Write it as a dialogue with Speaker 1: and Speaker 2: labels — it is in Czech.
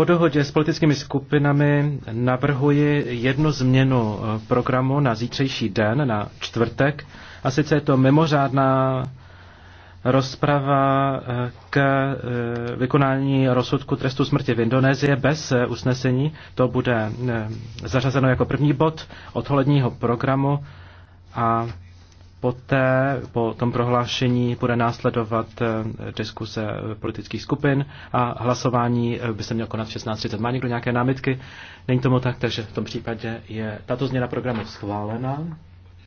Speaker 1: Po dohodě s politickými skupinami navrhuji jednu změnu eh, programu na zítřejší den, na čtvrtek, a sice je to mimořádná rozprava eh, k eh, vykonání rozsudku trestu smrti v Indonésii bez usnesení. To bude zařazeno jako první bod odpoledního programu a Poté, po tom prohlášení, bude následovat eh, diskuse politických skupin a hlasování eh, by se mělo konat v 16.30. Má někdo nějaké námitky? Není tomu tak, takže v tom případě je tato změna programu schválena.